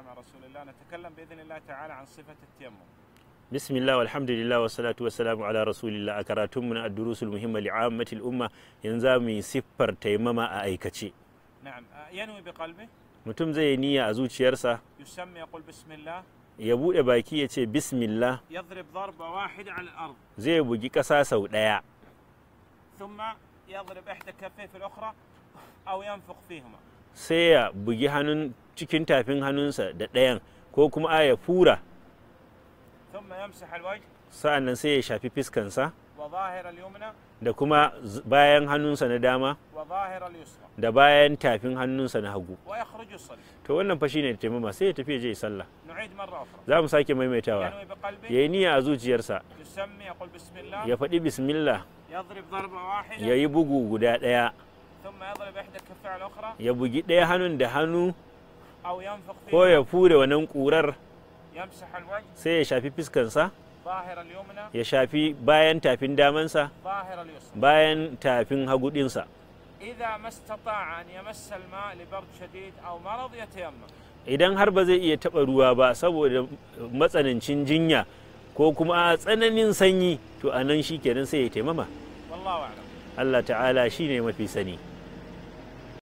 والسلام على رسول الله نتكلم بإذن الله تعالى عن صفة التيمم بسم الله والحمد لله والصلاة والسلام على رسول الله أكراتم من الدروس المهمة لعامة الأمة ينزامي سفر تيمما أيكتشي نعم آه، ينوي بقلبه يقول بسم الله يبو إباكية بسم الله يضرب ضربة واحدة على الأرض زي ƙasa كساسة ودايا ثم يضرب إحدى كفيه في الأخرى أو ينفخ فيهما sai ya bugi hannun cikin tafin hannunsa da ɗayan ko kuma a ya fura sa'an nan sai ya shafi fiskansa da kuma bayan hannunsa na dama da bayan tafin hannunsa na hagu to wannan fa da taimama sai ya tafi je sallah za mu sake maimaitawa ya yi niyya a zuciyarsa ya faɗi bismillah ya yi bugu guda ɗaya ya bugi ɗaya hannun da hannu ko ya fure wannan ƙurar sai ya shafi fuskansa ya shafi bayan tafin damansa bayan tafin hagudinsa idan har ba zai iya taɓa ruwa ba saboda matsanancin jinya ko kuma a tsananin sanyi to a nan shi kenan sai ya taimama Allah ta'ala shi ne mafi sani